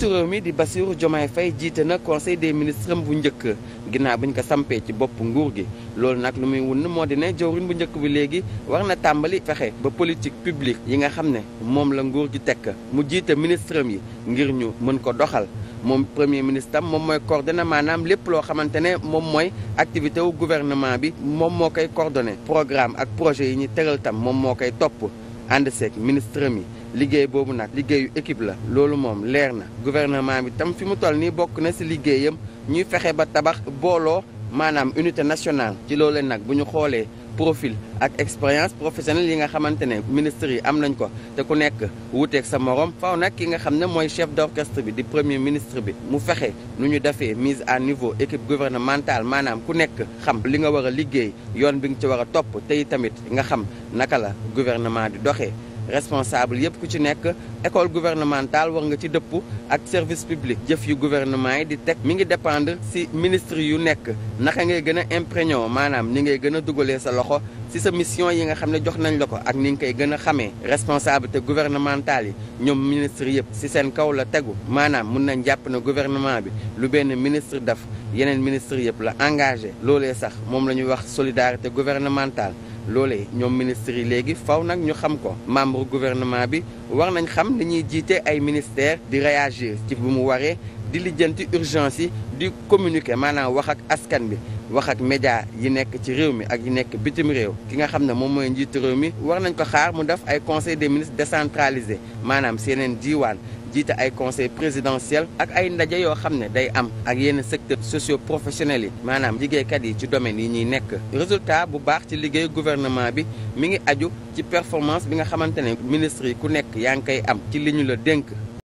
njiitu réew mi di Bassirou Diomaye Faye jiite na conseil des ministres bu njëkk ginaaw bi ñu ko sampee ci bopp nguur gi loolu nag lu muy wun moo di ne jawriñ bu njëkk bi léegi war na tàmbali fexe ba politique publique yi nga xam ne moom la nguur ji tekk mu jiite ministre yi ngir ñu mën ko doxal moom premier ministre moom mooy coordonné maanaam lépp loo xamante ne moom mooy activité wu gouvernement bi moom moo koy coordonné programme ak projet yi ñu tëral tam moom moo koy topp ànd seeg ministre mi liggéey boobu nag liggéeyu équipe la loolu moom leer na gouvernement bi tam fi mu toll nii bokk na ci liggéeyam ñuy fexe ba tabax booloo maanaam unité nationale ci loolee nag bu ñu xoolee profil ak expérience professionnelle yi nga xamante ne ministre yi am nañ ko te ku nekk wuuteeg sa morom faw nag ki nga xam ne mooy chef d'orchestre bi di premier ministre bi mu fexe nu ñu defee mise à niveau équipe gouvernementale maanaam ku nekk xam li nga war a liggéey yoon bi nga ci war a topp tey tamit nga xam naka la gouvernement di doxee responsable yëpp ku ci nekk école gouvernementale war nga ci dëpp ak service public jëf yu gouvernement yi di teg mi ngi dépendre si ministre yu nekk naka ngay gën a imprégné maanaam ni ngay gën a dugalee sa loxo si sa mission yi nga xam ne jox nañ la ko ak ni nga koy gën a xamee responsabilité gouvernementale yi ñoom ministre yëpp si seen kaw la tegu maanaam mun nañ jàpp na guvernement bi lu benn ministre def yeneen ministre yëpp la engagé loolee sax moom la ñuy wax solidarité gouvernementale loole ñoom ministres yi léegi faw nag ñu xam ko membre gouvernement bi war nañ xam ni ñuy jiite ay ministères di réagir ci bu mu waree di lijjanti urgence yi di communiquer maanaam wax ak askan bi wax ak média yi nekk ci réew mi ak yi nekk bitim réew ki nga xam ne moom mooy njiitu réew mi war nañ ko xaar mu def ay conseil des ministres décentralisé maanaam seeneen diiwaan jiite ay conseil présidentiel ak ay ndaje yoo xam ne day am ak yenn secteurs socio professionnels yi maanaam liggéeykat yi ci domaines yi ñuy nekk résultat bu baax ci liggéey gouvernement bi mi ngi aju ci performance bi nga xamante ne ministre yi ku nekk yaa ngi koy am ci li ñu la dénk